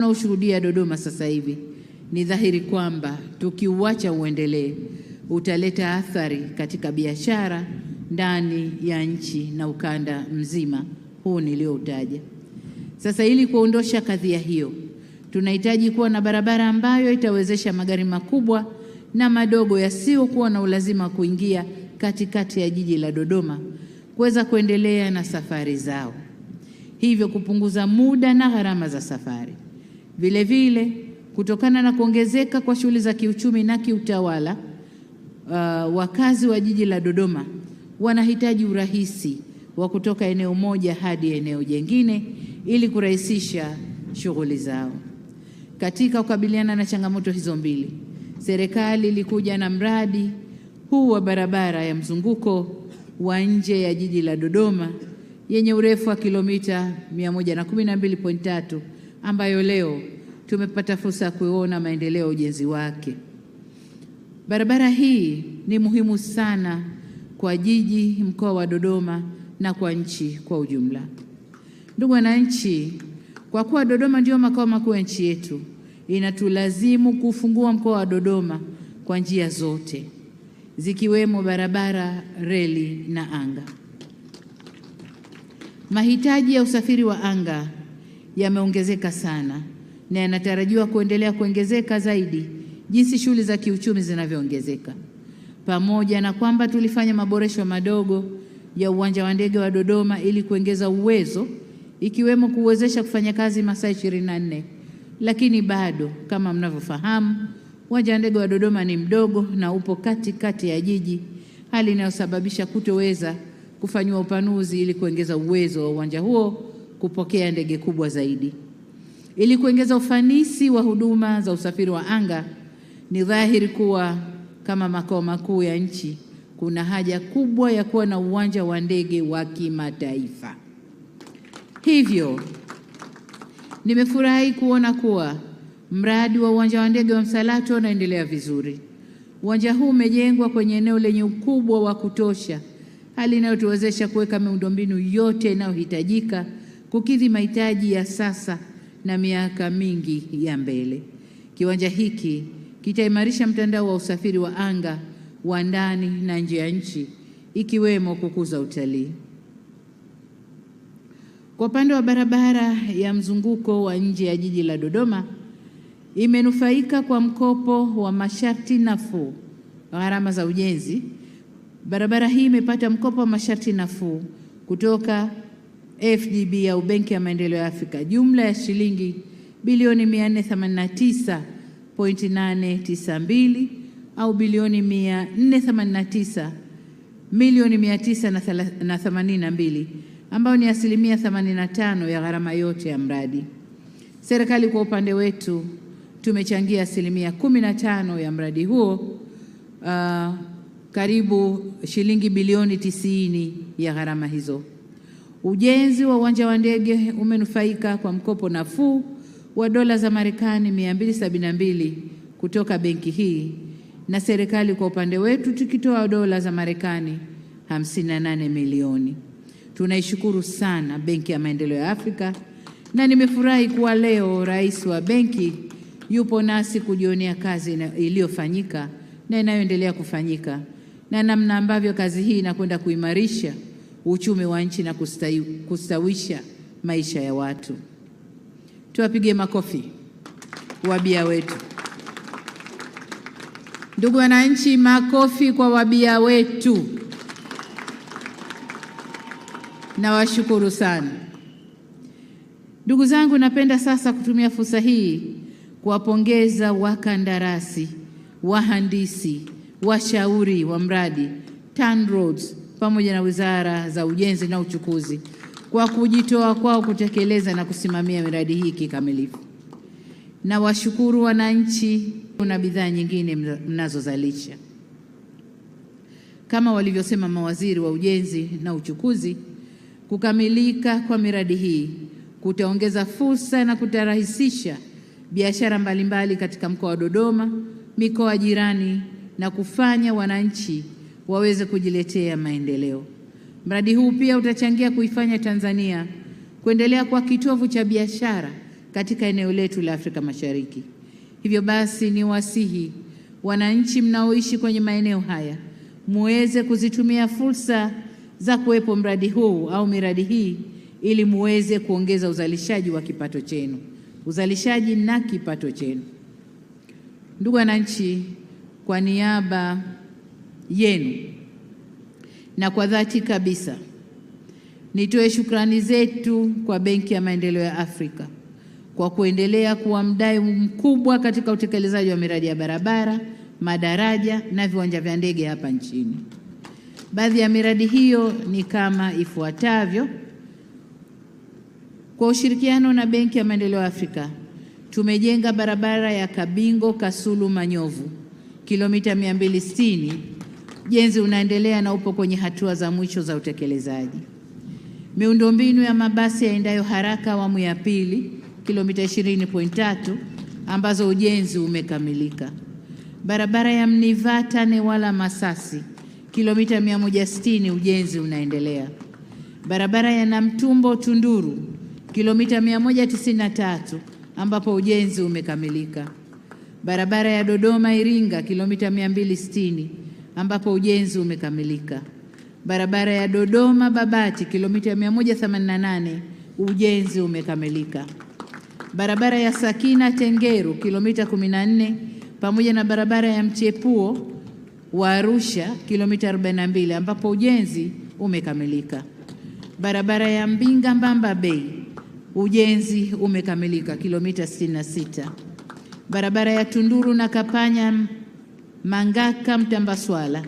Tunaoshuhudia Dodoma sasa hivi ni dhahiri kwamba tukiuacha uendelee utaleta athari katika biashara ndani ya nchi na ukanda mzima huu nilioutaja. Sasa ili kuondosha kadhia hiyo, tunahitaji kuwa na barabara ambayo itawezesha magari makubwa na madogo yasiyokuwa na ulazima wa kuingia katikati ya jiji la Dodoma kuweza kuendelea na safari zao, hivyo kupunguza muda na gharama za safari vile vile kutokana na kuongezeka kwa shughuli za kiuchumi na kiutawala, uh, wakazi wa jiji la Dodoma wanahitaji urahisi wa kutoka eneo moja hadi eneo jingine ili kurahisisha shughuli zao. Katika kukabiliana na changamoto hizo mbili, serikali ilikuja na mradi huu wa barabara ya mzunguko wa nje ya jiji la Dodoma yenye urefu wa kilomita 112.3 ambayo leo tumepata fursa ya kuona maendeleo ya ujenzi wake. Barabara hii ni muhimu sana kwa jiji, mkoa wa Dodoma na kwa nchi kwa ujumla. Ndugu wananchi, kwa kuwa Dodoma ndio makao makuu ya nchi yetu, inatulazimu kufungua mkoa wa Dodoma kwa njia zote zikiwemo barabara, reli na anga. Mahitaji ya usafiri wa anga yameongezeka sana na yanatarajiwa kuendelea kuongezeka zaidi jinsi shughuli za kiuchumi zinavyoongezeka. Pamoja na kwamba tulifanya maboresho madogo ya uwanja wa ndege wa Dodoma ili kuongeza uwezo, ikiwemo kuwezesha kufanya kazi masaa 24, lakini bado kama mnavyofahamu, uwanja wa ndege wa Dodoma ni mdogo na upo kati kati ya jiji, hali inayosababisha kutoweza kufanyiwa upanuzi ili kuongeza uwezo wa uwanja huo kupokea ndege kubwa zaidi. Ili kuongeza ufanisi wa huduma za usafiri wa anga, ni dhahiri kuwa kama makao makuu ya nchi kuna haja kubwa ya kuwa na uwanja wa ndege wa kimataifa. Hivyo nimefurahi kuona kuwa mradi wa uwanja wa ndege wa Msalato unaendelea vizuri. Uwanja huu umejengwa kwenye eneo lenye ukubwa wa kutosha, hali inayotuwezesha kuweka miundombinu yote inayohitajika kukidhi mahitaji ya sasa na miaka mingi ya mbele. Kiwanja hiki kitaimarisha mtandao wa usafiri wa anga wa ndani na nje ya nchi ikiwemo kukuza utalii. Kwa upande wa barabara ya mzunguko wa nje ya jiji la Dodoma imenufaika kwa mkopo wa masharti nafuu gharama za ujenzi. Barabara hii imepata mkopo wa masharti nafuu kutoka FDB au Benki ya Maendeleo ya Afrika jumla ya shilingi bilioni 489.892 au bilioni 489 milioni 982 ambayo ni asilimia 85 ya gharama yote ya mradi. Serikali kwa upande wetu tumechangia asilimia 15 ya mradi huo, uh, karibu shilingi bilioni 90 ya gharama hizo. Ujenzi wa uwanja wa ndege umenufaika kwa mkopo nafuu wa dola za Marekani 272 kutoka benki hii na serikali kwa upande wetu tukitoa dola za Marekani 58 milioni. Tunaishukuru sana Benki ya Maendeleo ya Afrika na nimefurahi kuwa leo rais wa benki yupo nasi kujionea kazi iliyofanyika na inayoendelea kufanyika na namna ambavyo kazi hii inakwenda kuimarisha uchumi wa nchi na kustawi, kustawisha maisha ya watu. Tuwapige makofi wabia wetu. Ndugu wananchi, makofi kwa wabia wetu. Nawashukuru sana ndugu zangu. Napenda sasa kutumia fursa hii kuwapongeza wakandarasi, wahandisi, washauri wa mradi TANROADS pamoja na wizara za ujenzi na uchukuzi kwa kujitoa kwao kutekeleza na kusimamia miradi hii kikamilifu. Na washukuru wananchi na bidhaa nyingine mnazozalisha. Kama walivyosema mawaziri wa ujenzi na uchukuzi, kukamilika kwa miradi hii kutaongeza fursa na kutarahisisha biashara mbalimbali katika mkoa wa Dodoma, mikoa jirani na kufanya wananchi waweze kujiletea maendeleo. Mradi huu pia utachangia kuifanya Tanzania kuendelea kuwa kitovu cha biashara katika eneo letu la Afrika Mashariki. Hivyo basi, ni wasihi wananchi mnaoishi kwenye maeneo haya muweze kuzitumia fursa za kuwepo mradi huu au miradi hii ili muweze kuongeza uzalishaji wa kipato chenu, uzalishaji na kipato chenu. Ndugu wananchi, kwa niaba yenu, na kwa dhati kabisa nitoe shukrani zetu kwa Benki ya Maendeleo ya Afrika kwa kuendelea kuwa mdai mkubwa katika utekelezaji wa miradi ya barabara, madaraja na viwanja vya ndege hapa nchini. Baadhi ya miradi hiyo ni kama ifuatavyo: kwa ushirikiano na Benki ya Maendeleo ya Afrika tumejenga barabara ya Kabingo Kasulu Manyovu kilomita 260 Ujenzi unaendelea na upo kwenye hatua za mwisho za utekelezaji. Miundombinu ya mabasi yaendayo haraka awamu ya pili kilomita 20.3 ambazo ujenzi umekamilika. Barabara ya Mnivata Newala Masasi kilomita 160 ujenzi unaendelea. Barabara ya Namtumbo Tunduru kilomita 193 ambapo ujenzi umekamilika. Barabara ya Dodoma Iringa kilomita 260 ambapo ujenzi umekamilika. Barabara ya Dodoma Babati kilomita 188 ujenzi umekamilika. Barabara ya Sakina Tengeru kilomita 14 pamoja na barabara ya Mchepuo wa Arusha kilomita 42 ambapo ujenzi umekamilika. Barabara ya Mbinga Mbamba Bay ujenzi umekamilika kilomita 66. Barabara ya Tunduru na Kapanya Mangaka Mtambaswala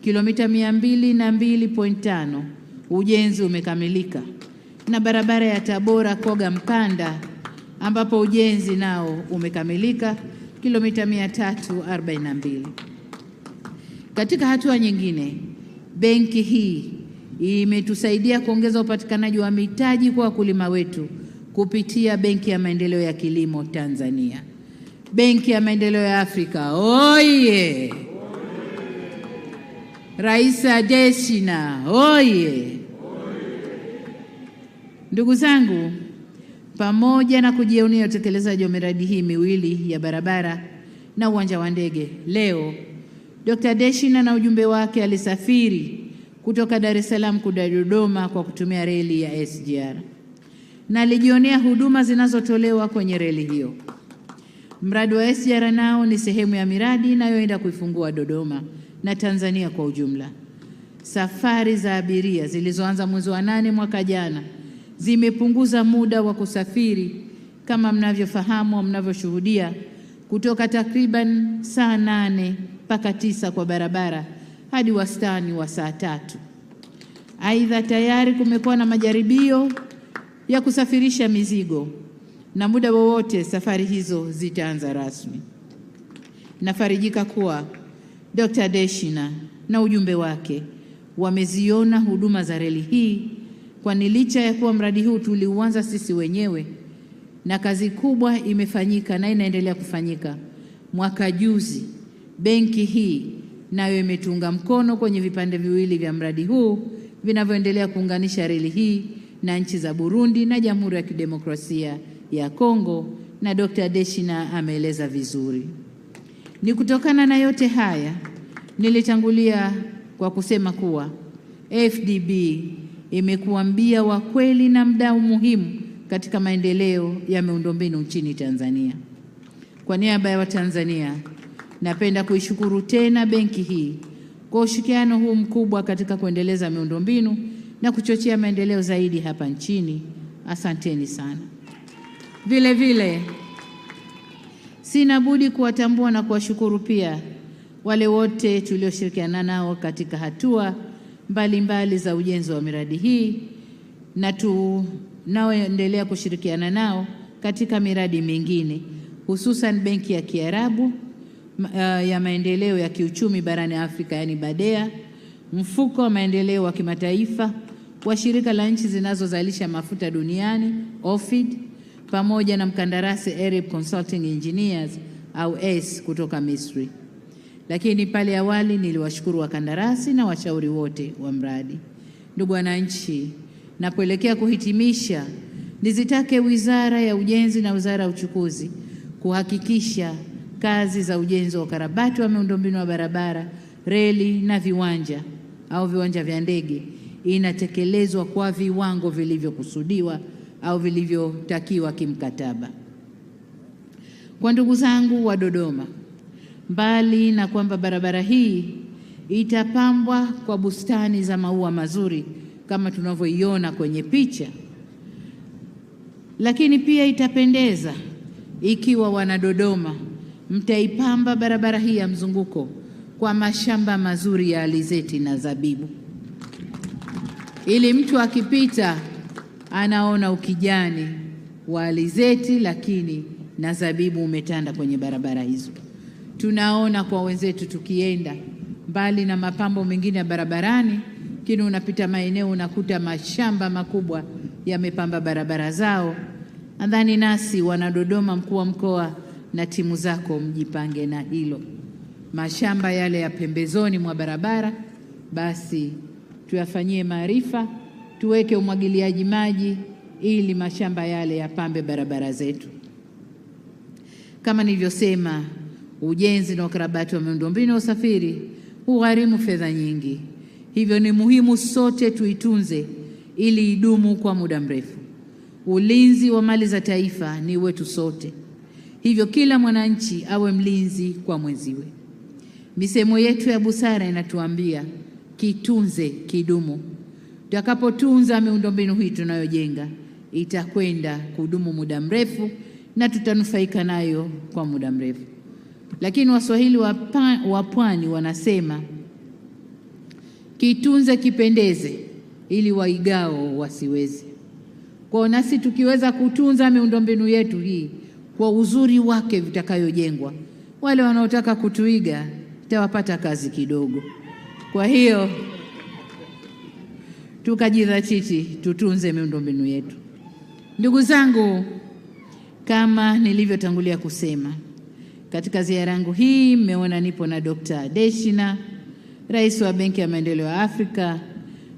kilomita 202.5 ujenzi umekamilika, na barabara ya Tabora Koga Mpanda ambapo ujenzi nao umekamilika kilomita 342. Katika hatua nyingine, benki hii imetusaidia kuongeza upatikanaji wa mitaji kwa wakulima wetu kupitia Benki ya Maendeleo ya Kilimo Tanzania. Benki ya Maendeleo ya Afrika oye! Rais Adesina oye! Ndugu zangu, pamoja na kujivunia utekelezaji wa miradi hii miwili ya barabara na uwanja wa ndege, leo Dr. deshina na ujumbe wake alisafiri kutoka Dar es Salaam kuda Dodoma kwa kutumia reli ya SGR na alijionea huduma zinazotolewa kwenye reli hiyo. Mradi wa SGR nao ni sehemu ya miradi inayoenda kuifungua Dodoma na Tanzania kwa ujumla. Safari za abiria zilizoanza mwezi wa nane mwaka jana zimepunguza muda wa kusafiri kama mnavyofahamu au mnavyoshuhudia kutoka takriban saa nane mpaka tisa kwa barabara hadi wastani wa saa tatu. Aidha, tayari kumekuwa na majaribio ya kusafirisha mizigo na muda wowote safari hizo zitaanza rasmi. Nafarijika kuwa Dr. Deshina na ujumbe wake wameziona huduma za reli hii, kwani licha ya kuwa mradi huu tuliuanza sisi wenyewe na kazi kubwa imefanyika na inaendelea kufanyika. Mwaka juzi benki hii nayo imetunga mkono kwenye vipande viwili vya mradi huu vinavyoendelea kuunganisha reli hii na nchi za Burundi na Jamhuri ya Kidemokrasia ya Kongo na Dr. Deshina ameeleza vizuri. Ni kutokana na yote haya nilitangulia kwa kusema kuwa FDB imekuwa mbia wa kweli na mdau muhimu katika maendeleo ya miundombinu nchini Tanzania. Kwa niaba ya Watanzania napenda kuishukuru tena benki hii kwa ushirikiano huu mkubwa katika kuendeleza miundombinu na kuchochea maendeleo zaidi hapa nchini. Asanteni sana. Vile vile sina budi kuwatambua na kuwashukuru pia wale wote tulioshirikiana nao katika hatua mbalimbali mbali za ujenzi wa miradi hii na tunaoendelea kushirikiana nao katika miradi mingine hususan Benki ya Kiarabu eh, ya maendeleo ya kiuchumi barani Afrika yani Badea, mfuko wa maendeleo wa kimataifa wa shirika la nchi zinazozalisha mafuta duniani OFID pamoja na mkandarasi Arab Consulting Engineers au ACE kutoka Misri. Lakini pale awali niliwashukuru wakandarasi na washauri wote wa mradi. Ndugu wananchi, napoelekea kuhitimisha, nizitake Wizara ya Ujenzi na Wizara ya Uchukuzi kuhakikisha kazi za ujenzi wa ukarabati wa miundombinu ya barabara, reli na viwanja au viwanja vya ndege inatekelezwa kwa viwango vilivyokusudiwa au vilivyotakiwa kimkataba. Kwa ndugu zangu wa Dodoma, mbali na kwamba barabara hii itapambwa kwa bustani za maua mazuri kama tunavyoiona kwenye picha, lakini pia itapendeza ikiwa wanadodoma mtaipamba barabara hii ya mzunguko kwa mashamba mazuri ya alizeti na zabibu, ili mtu akipita anaona ukijani wa alizeti, lakini na zabibu umetanda kwenye barabara hizo. Tunaona kwa wenzetu tukienda mbali na mapambo mengine ya barabarani, lakini unapita maeneo unakuta mashamba makubwa yamepamba barabara zao. Nadhani nasi Wanadodoma, mkuu wa mkoa na timu zako mjipange na hilo, mashamba yale ya pembezoni mwa barabara basi tuyafanyie maarifa tuweke umwagiliaji maji ili mashamba yale yapambe barabara zetu. Kama nilivyosema, ujenzi na ukarabati wa miundombinu ya usafiri hugharimu fedha nyingi, hivyo ni muhimu sote tuitunze ili idumu kwa muda mrefu. Ulinzi wa mali za taifa ni wetu sote, hivyo kila mwananchi awe mlinzi kwa mwenziwe. Misemo yetu ya busara inatuambia kitunze kidumu. Tutakapotunza miundombinu hii tunayojenga, itakwenda kudumu muda mrefu na tutanufaika nayo kwa muda mrefu. Lakini Waswahili wa pwani wanasema kitunze kipendeze, ili waigao wasiweze. Kwa nasi tukiweza kutunza miundombinu yetu hii kwa uzuri wake vitakayojengwa, wale wanaotaka kutuiga itawapata kazi kidogo. Kwa hiyo tukajidhatiti tutunze miundombinu yetu. Ndugu zangu, kama nilivyotangulia kusema katika ziara yangu hii, mmeona nipo na Dr. Deshina, rais wa Benki ya Maendeleo ya Afrika,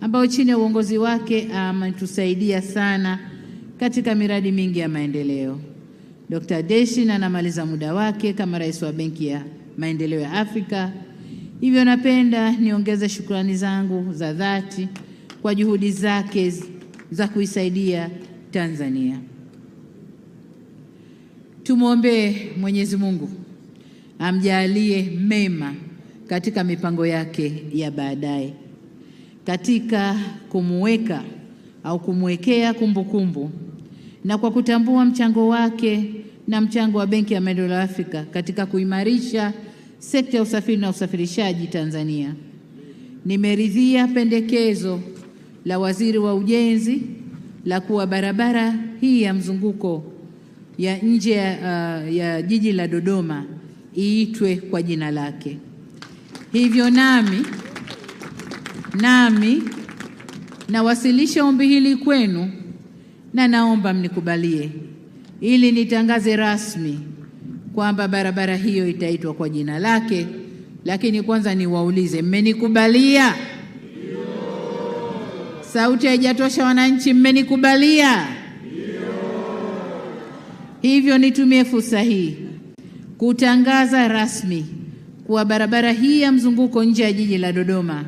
ambao chini ya uongozi wake ametusaidia sana katika miradi mingi ya maendeleo. Dr. Deshina anamaliza muda wake kama rais wa Benki ya Maendeleo ya Afrika, hivyo napenda niongeze shukrani zangu za dhati kwa juhudi zake za kuisaidia Tanzania. Tumwombee Mwenyezi Mungu amjalie mema katika mipango yake ya baadaye, katika kumweka au kumwekea kumbukumbu na kwa kutambua mchango wake na mchango wa Benki ya Maendeleo ya Afrika katika kuimarisha sekta ya usafiri na usafirishaji Tanzania. Nimeridhia pendekezo la waziri wa ujenzi la kuwa barabara hii ya mzunguko ya nje ya, uh, ya jiji la Dodoma iitwe kwa jina lake. Hivyo nami nami nawasilisha ombi hili kwenu na naomba mnikubalie ili nitangaze rasmi kwamba barabara hiyo itaitwa kwa jina lake. Lakini kwanza niwaulize, mmenikubalia? Sauti haijatosha wananchi, mmenikubalia? Hivyo nitumie fursa hii kutangaza rasmi kuwa barabara hii ya mzunguko nje ya jiji la Dodoma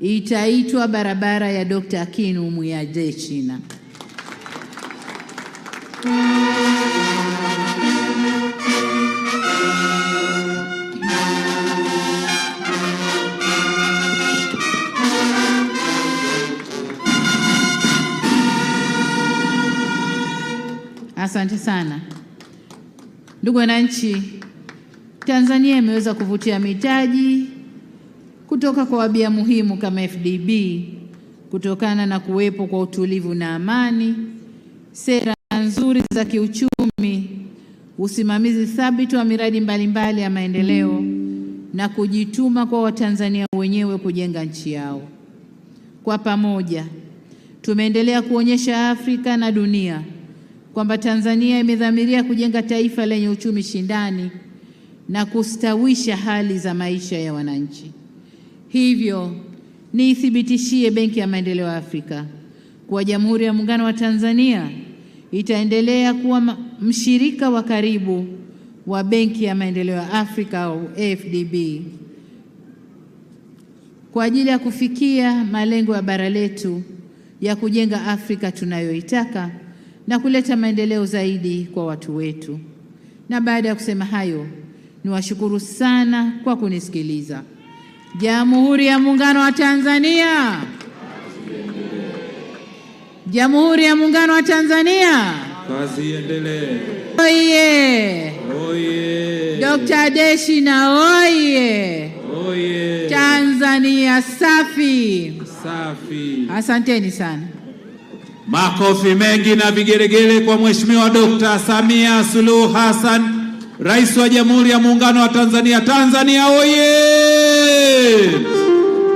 itaitwa barabara ya Dr. Akin Mwijae China. Asante sana ndugu wananchi, Tanzania imeweza kuvutia mitaji kutoka kwa wabia muhimu kama FDB kutokana na kuwepo kwa utulivu na amani, sera nzuri za kiuchumi, usimamizi thabiti wa miradi mbalimbali ya maendeleo na kujituma kwa Watanzania wenyewe kujenga nchi yao. Kwa pamoja tumeendelea kuonyesha Afrika na dunia kwamba Tanzania imedhamiria kujenga taifa lenye uchumi shindani na kustawisha hali za maisha ya wananchi. Hivyo niithibitishie Benki ya Maendeleo ya Afrika kuwa Jamhuri ya Muungano wa Tanzania itaendelea kuwa mshirika wa karibu wa Benki ya Maendeleo ya Afrika au AfDB kwa ajili ya kufikia malengo ya bara letu ya kujenga Afrika tunayoitaka na kuleta maendeleo zaidi kwa watu wetu. Na baada ya kusema hayo, niwashukuru sana kwa kunisikiliza. Jamhuri ya Muungano wa Tanzania! Jamhuri ya Muungano wa Tanzania! Kazi iendelee! Oye! Oye! Dr. Deshina oye! Oye! Tanzania safi! Safi! Asanteni sana. Makofi mengi na vigelegele kwa Mheshimiwa Dr. Samia Suluhu Hassan, Rais wa Jamhuri ya Muungano wa Tanzania. Tanzania oye!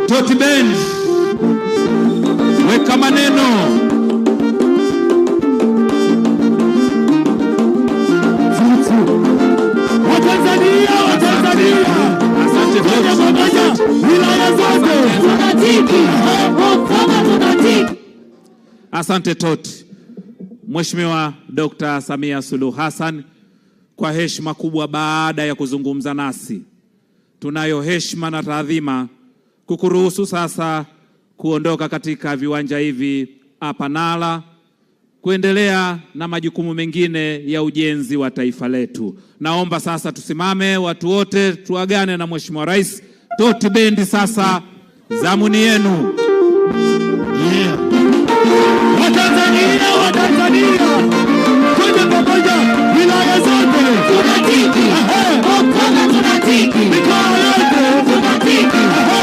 Toti Benz, weka maneno wilaya zote Asante toti. Mheshimiwa Dr. Samia Suluhu Hassan, kwa heshima kubwa, baada ya kuzungumza nasi, tunayo heshima na taadhima kukuruhusu sasa kuondoka katika viwanja hivi hapa Nala kuendelea na majukumu mengine ya ujenzi wa taifa letu. Naomba sasa tusimame watu wote tuagane na Mheshimiwa Rais. Toti bendi sasa, zamuni yenu. Tanzania wa Tanzania, twende pamoja wilaya zote, tunatiki mikoa yote, tunatiki